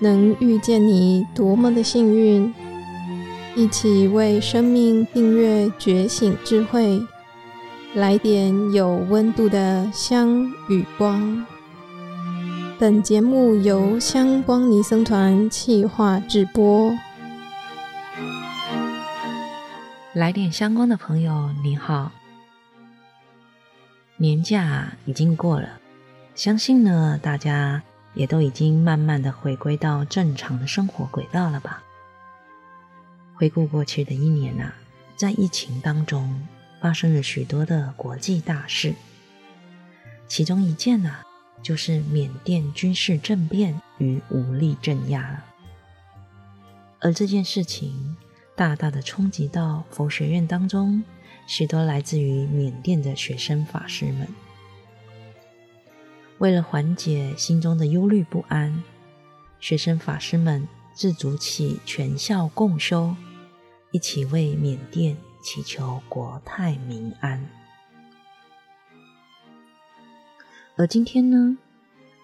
能遇見你，多麼的幸運！一起為生命訂閱覺，覺醒智慧，來點有溫度的香與光。本節目由香光尼僧團企劃直播。來點香光的朋友，你好！年假已經過了，相信呢，大家。也都已經慢慢的回歸到正常的生活軌道了吧？回顧過去的一年吶、啊，在疫情當中發生了許多的國際大事，其中一件吶、啊，就是緬甸軍事政變與武力鎮壓了，而這件事情大大的衝擊到佛學院當中許多來自於緬甸的學生法師們。為了緩解心中的憂慮不安，學生法師們自組起全校共修，一起為緬甸祈求國泰民安。而今天呢，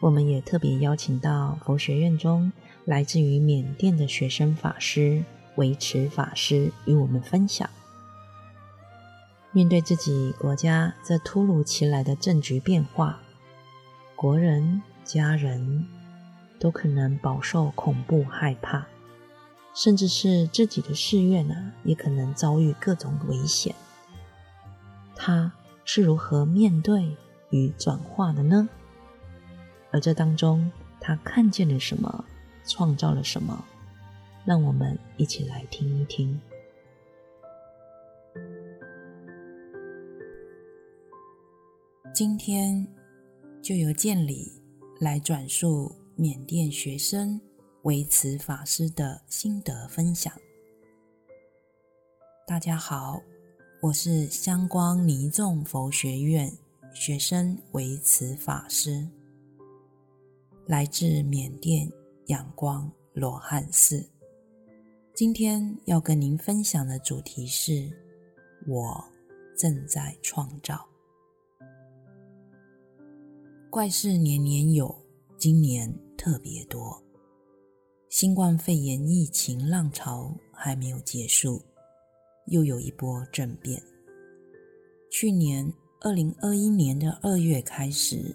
我們也特別邀請到佛學院中來自於緬甸的學生法師惟慈法師與我們分享，面對自己國家這突如其來的政局變化，國人、家人都可能飽受恐怖、害怕，甚至是自己的寺院啊，也可能遭遇各種危險。他是如何面對與轉化的呢？而這當中，他看見了什麼，創造了什麼？讓我們一起來聽一聽。今天。就由見禮來轉述緬甸學生惟慈法師的心得分享。大家好，我是香光尼眾佛學院學生惟慈法師，來自緬甸仰光羅漢寺。今天要跟您分享的主題是：我正在創造。怪事年年有，今年特別多。新冠肺炎疫情浪潮還沒有結束，又有一波政變。去年二零二一年的二月開始，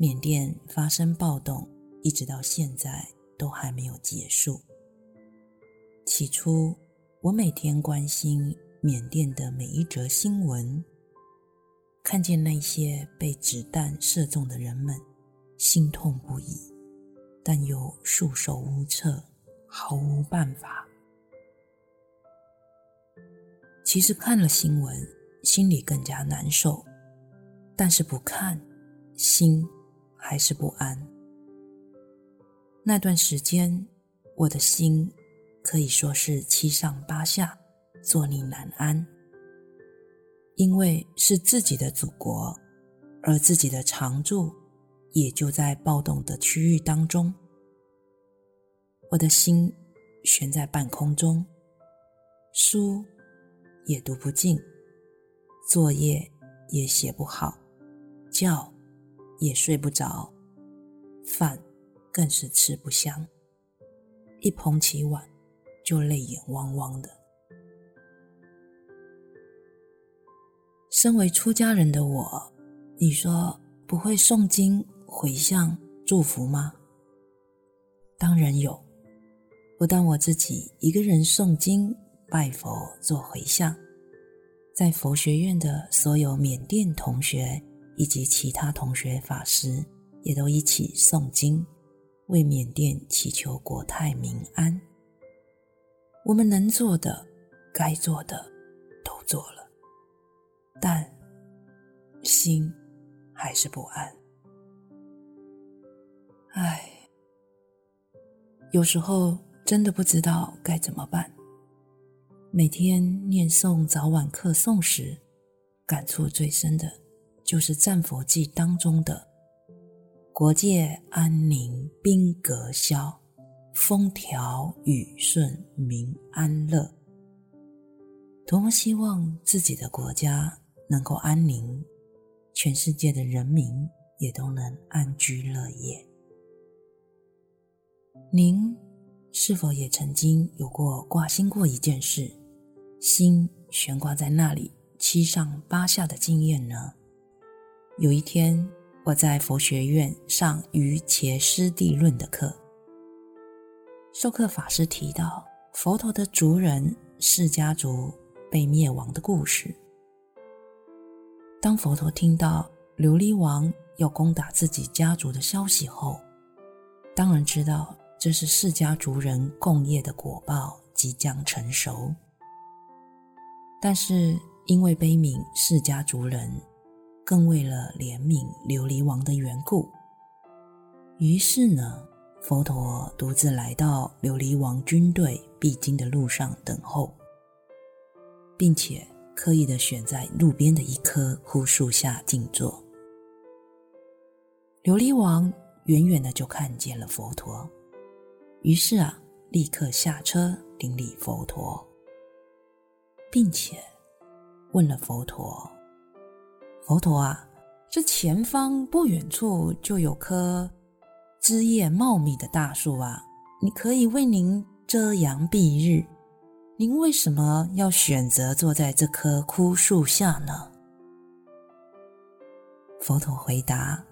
緬甸發生暴動，一直到現在都還沒有結束。起初，我每天關心緬甸的每一則新聞。看見那些被子彈射中的人們，心痛不已，但又束手無策，毫無辦法。其實看了新聞，心裡更加難受，但是不看，心還是不安。那段時間，我的心可以說是七上八下，坐立難安。因為是自己的祖國，而自己的常住也就在暴動的區域當中，我的心懸在半空中，書也讀不進，作業也寫不好，覺也睡不着，飯更是吃不香，一捧起碗就淚眼汪汪的。身為出家人的我，你說不會誦經、迴向、祝福嗎？當然有。不但我自己一個人誦經、拜佛、做迴向，在佛學院的所有緬甸同學以及其他同學、法師，也都一起誦經，為緬甸祈求國泰民安。我們能做的、該做的，都做了。但心還是不安，唉，有時候真的不知道該怎麼辦。每天念誦早晚課誦時，感觸最深的就是《讚佛偈》當中的“國界安寧，兵革消，風調雨順，民安樂”。多麼希望自己的國家能夠安寧，全世界的人民也都能安居樂業。您是否也曾經有過掛心過一件事，心懸掛在那裡，七上八下的經驗呢？有一天，我在佛學院上《瑜伽師地論》的課，授課法師提到佛陀的族人釋迦族被滅亡的故事。當佛陀聽到琉璃王要攻打自己家族的消息後，當然知道這是釋迦族人共業的果報即將成熟。但是因為悲憫釋迦族人，更為了憐憫琉璃王的緣故，於是呢，佛陀獨自來到琉璃王軍隊必經的路上等候，並且。刻意的選在路邊的一棵枯樹下靜坐。琉璃王遠遠的就看見了佛陀，於是啊，立刻下車頂禮佛陀，並且問了佛陀：“佛陀啊，這前方不遠處就有棵枝葉茂密的大樹啊，你可以為您遮陽蔽日。”您為什麼要選擇坐在這棵枯樹下呢？佛陀回答：“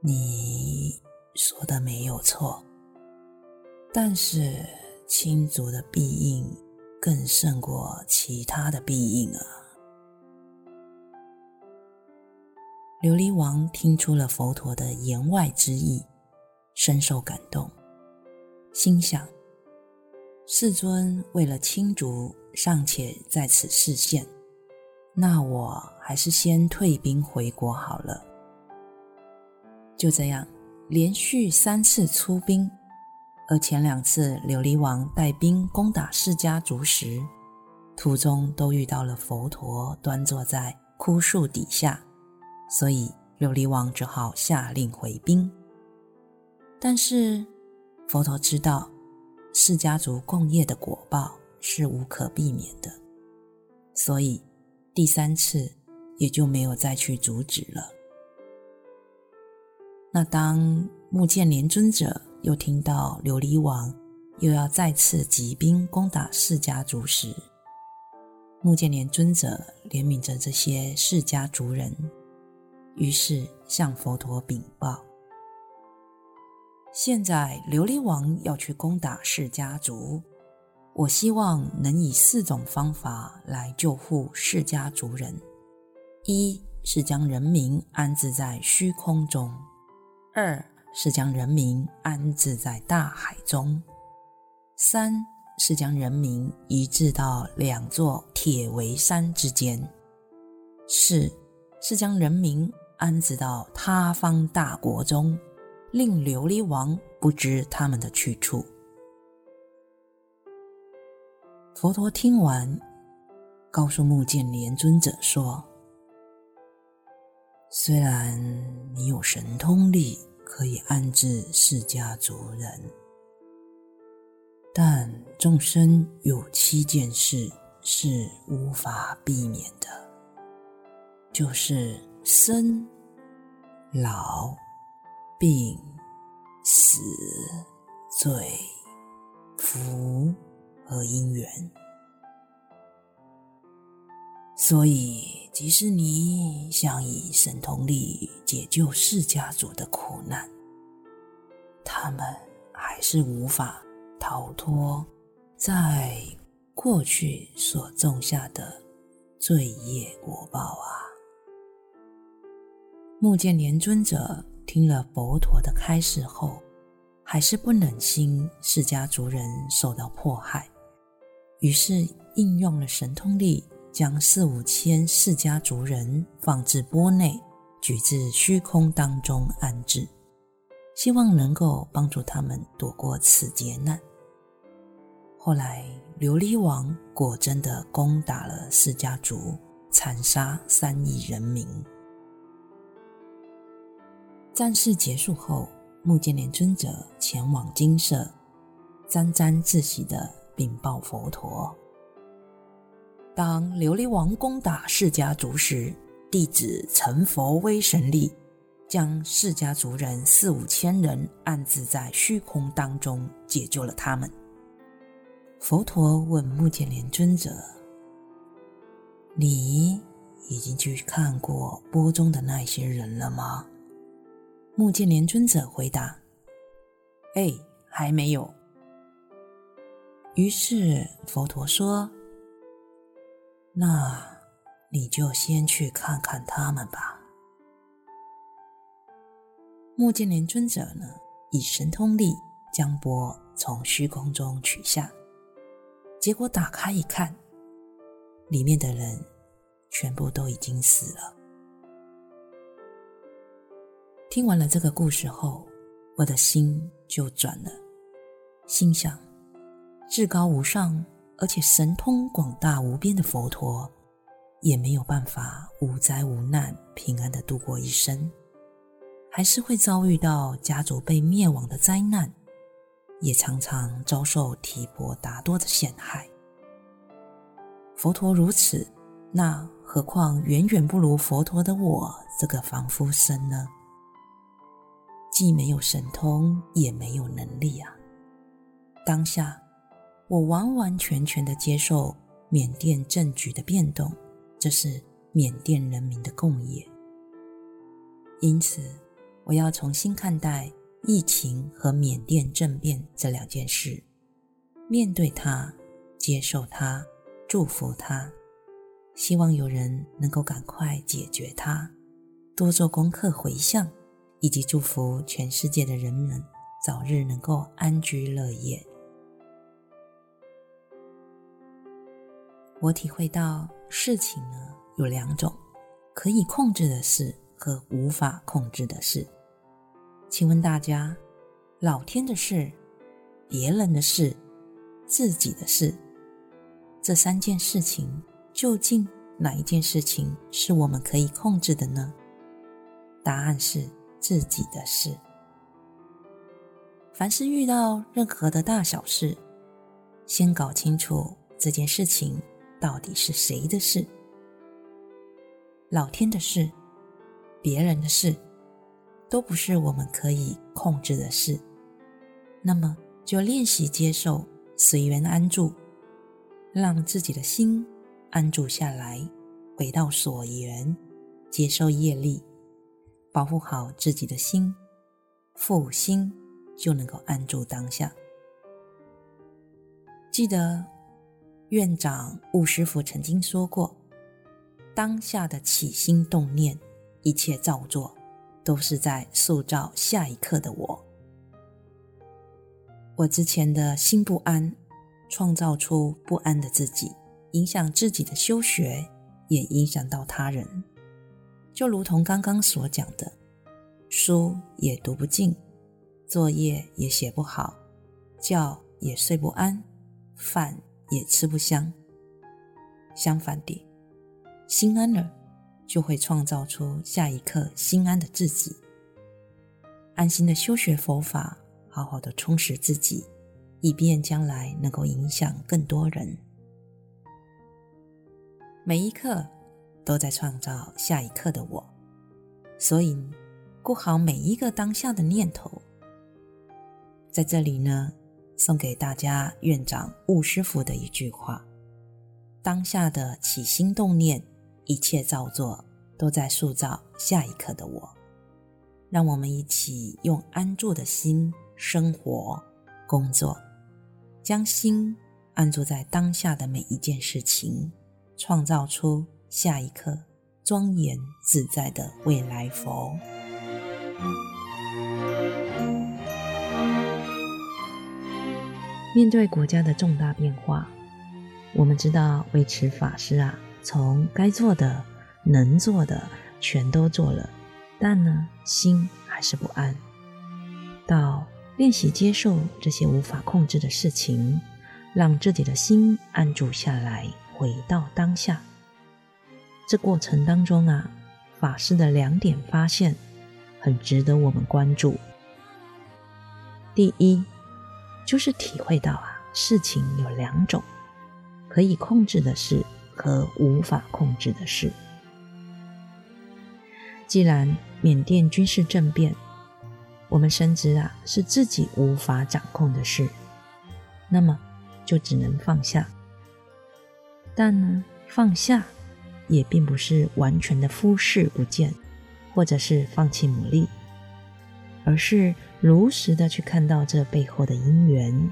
你說的沒有錯，但是親族的庇蔭更勝過其他的庇蔭啊。”琉璃王聽出了佛陀的言外之意，深受感動，心想。世尊為了清竹，尚且在此示現，那我還是先退兵回國好了。就這樣，連續三次出兵，而前兩次琉璃王帶兵攻打釋迦族時，途中都遇到了佛陀端坐在枯樹底下，所以琉璃王只好下令回兵。但是佛陀知道。釋迦族共業的果報是無可避免的，所以第三次也就沒有再去阻止了。那當目犍連尊者又聽到琉璃王又要再次集兵攻打釋迦族時，目犍連尊者憐憫着這些釋迦族人，於是向佛陀稟報。現在琉璃王要去攻打釋迦族，我希望能以四種方法來救護釋迦族人：一是將人民安置在虛空中；二是將人民安置在大海中；三是將人民移至到兩座鐵圍山之間；四是將人民安置到他方大國中。令琉璃王不知他們的去處。佛陀聽完，告訴目犍連尊者說：“雖然你有神通力，可以安置釋迦族人，但眾生有七件事是無法避免的，就是生、老。”病、死、罪、福和因緣，所以，即使你想以神通力解救釋迦族的苦難，他們還是無法逃脫在過去所種下的罪業果報啊！目犍連尊者。聽了佛陀的開示後，還是不忍心釋迦族人受到迫害，於是應用了神通力，將四五千釋迦族人放至鉢內，舉至虛空當中安置，希望能夠幫助他們躲過此劫難。後來，琉璃王果真的攻打了釋迦族，殘殺三億人民。戰事結束後，目犍連尊者前往精舍，沾沾自喜地稟報佛陀。當琉璃王攻打釋迦族時，弟子乘佛威神力，將釋迦族人四五千人安置在虛空當中，解救了他們。佛陀問目犍連尊者：“你已經去看過缽中的那些人了嗎？”目犍連尊者回答：“哎、欸，還沒有。”於是佛陀說：“那你就先去看看他們吧。”目犍連尊者呢，以神通力將缽從虛空中取下，結果打開一看，裡面的人全部都已經死了。聽完了這個故事後，我的心就轉了，心想：至高無上，而且神通廣大無邊的佛陀，也沒有辦法無災無難、平安地度過一生，還是會遭遇到家族被滅亡的災難，也常常遭受提婆達多的陷害。佛陀如此，那何況遠遠不如佛陀的我這個凡夫身呢？既沒有神通，也沒有能力啊！當下，我完完全全的接受緬甸政局的變動，這是緬甸人民的共業。因此，我要重新看待疫情和緬甸政變這兩件事，面對它，接受它，祝福它，希望有人能夠趕快解決它，多做功課回向。以及祝福全世界的人們早日能夠安居樂業。我體會到事情呢有兩種，可以控制的事和無法控制的事。請問大家，老天的事、別人的事、自己的事，這三件事情，究竟哪一件事情是我們可以控制的呢？答案是，自己的事。凡是遇到任何的大小事，先搞清楚這件事情到底是誰的事，老天的事、別人的事，都不是我們可以控制的事。那麼就練習接受、隨緣安住，讓自己的心安住下來，回到所緣，接受業力。保護好自己的心，復心就能夠安住當下。記得院長悟師父曾經說過：“當下的起心動念，一切造作，都是在塑造下一刻的我。我之前的心不安，創造出不安的自己，影響自己的修學，也影響到他人。”就如同剛剛所講的，書也讀不進，作業也寫不好，覺也睡不安，飯也吃不香。相反地，心安了，就會創造出下一刻心安的自己，安心的修學佛法，好好的充實自己，以便將來能夠影響更多人。每一刻，都在創造下一刻的我，所以過好每一個當下的念頭。在這裡呢，送給大家院長悟師父的一句話：“當下的起心動念，一切造作，都在塑造下一刻的我。”讓我們一起用安住的心生活、工作，將心安住在當下的每一件事情，創造出。下一刻，莊嚴自在的未來佛。面對國家的重大變化，我們知道，惟慈法師啊，從該做的、能做的，全都做了，但呢，心還是不安。到練習接受這些無法控制的事情，讓自己的心安住下來，回到當下。這過程當中啊，法師的兩點發現很值得我們關注。第一，就是體會到啊，事情有兩種，可以控制的事和無法控制的事。既然緬甸軍事政變，我們深知啊是自己無法掌控的事，那麼就只能放下。但呢，放下。也並不是完全的忽視不見，或者是放棄努力，而是如實的去看到這背後的因緣，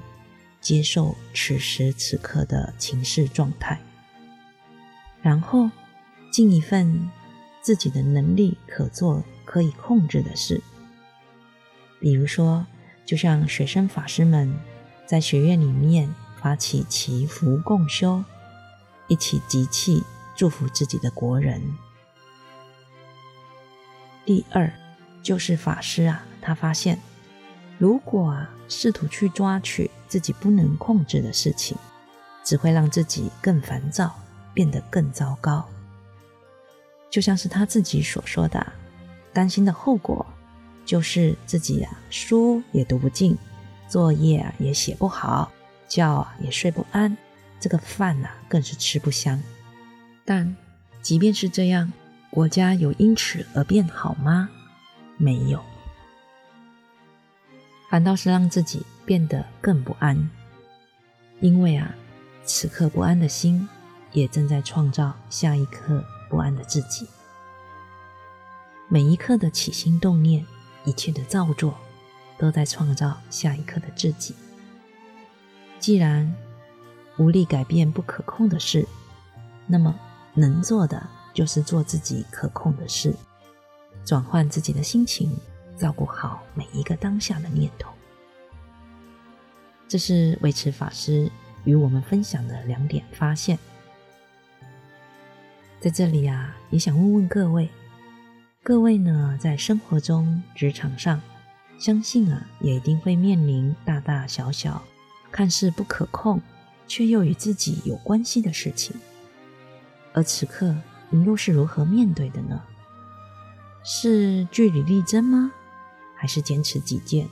接受此時此刻的情勢狀態，然後盡一份自己的能力可做、可以控制的事。比如說，就像學生法師們在學院裡面發起祈福共修，一起集氣。祝福自己的國人。第二，就是法師啊，他發現，如果啊試圖去抓取自己不能控制的事情，只會讓自己更煩躁，變得更糟糕。就像是他自己所說的，擔心的後果就是自己呀、啊，書也讀不進，作業啊也寫不好，覺啊也睡不安，這個飯啊更是吃不香。但，即便是這樣，國家有因此而變好嗎？沒有，反倒是讓自己變得更不安。因為啊，此刻不安的心，也正在創造下一刻不安的自己。每一刻的起心動念，一切的造作，都在創造下一刻的自己。既然無力改變不可控的事，那麼。能做的就是做自己可控的事，轉換自己的心情，照顧好每一個當下的念頭。這是惟慈法師與我們分享的兩點發現。在這裡啊，也想問問各位，各位呢，在生活中、職場上，相信啊，也一定會面臨大大小小、看似不可控卻又與自己有關係的事情。而此刻，您又是如何面對的呢？是據理力爭嗎？還是堅持己見？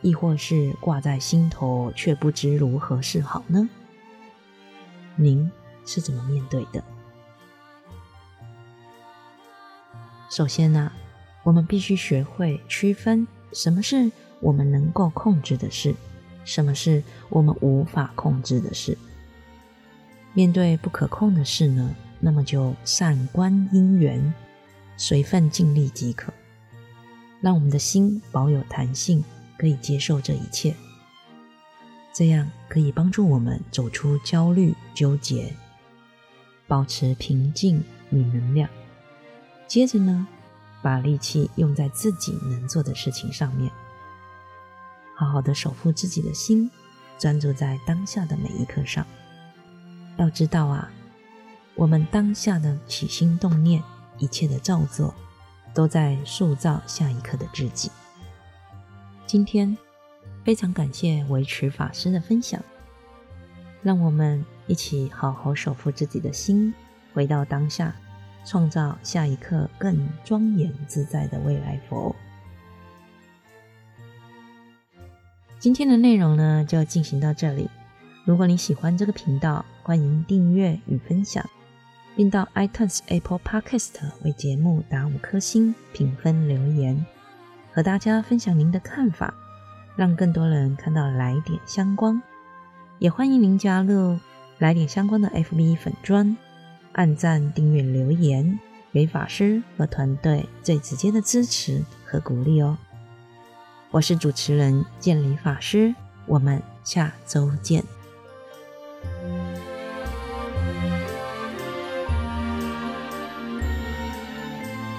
亦或是掛在心頭卻不知如何是好呢？您是怎麼面對的？首先呢、啊，我們必須學會區分什麼是我們能夠控制的事，什麼是我們無法控制的事。面對不可控的事呢，那麼就善觀因緣，隨分盡力即可，讓我們的心保有彈性，可以接受這一切。這樣可以幫助我們走出焦慮糾結，保持平靜與能量。接着呢，把力氣用在自己能做的事情上面，好好的守護自己的心，專注在當下的每一刻上。要知道啊，我們當下的起心動念、一切的造作，都在塑造下一刻的自己。今天非常感謝惟慈法師的分享，讓我們一起好好守護自己的心，回到當下，創造下一刻更莊嚴自在的未來佛。今天的內容呢，就進行到這裡。如果您喜歡這個頻道，歡迎訂閱與分享，並到 iTunes、Apple Podcast 為節目打五顆星、評分、留言，和大家分享您的看法，讓更多人看到“來點香光”。也歡迎您加入“來點香光的 ”FB 粉專，按讚、訂閱、留言，給法師和團隊最直接的支持和鼓勵哦。我是主持人見理法師，我們下周見。